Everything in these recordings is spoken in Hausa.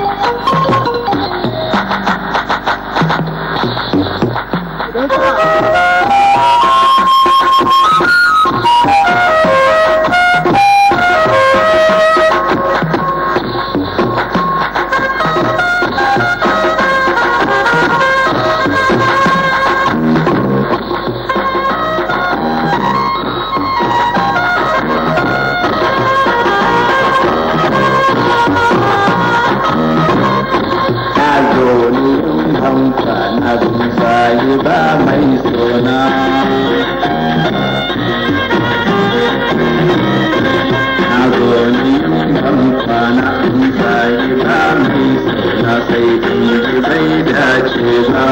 Thank you. mai you. da sai da ce ba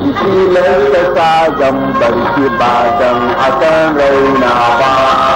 Kiki ne sa zan barki ba dan akan raina ba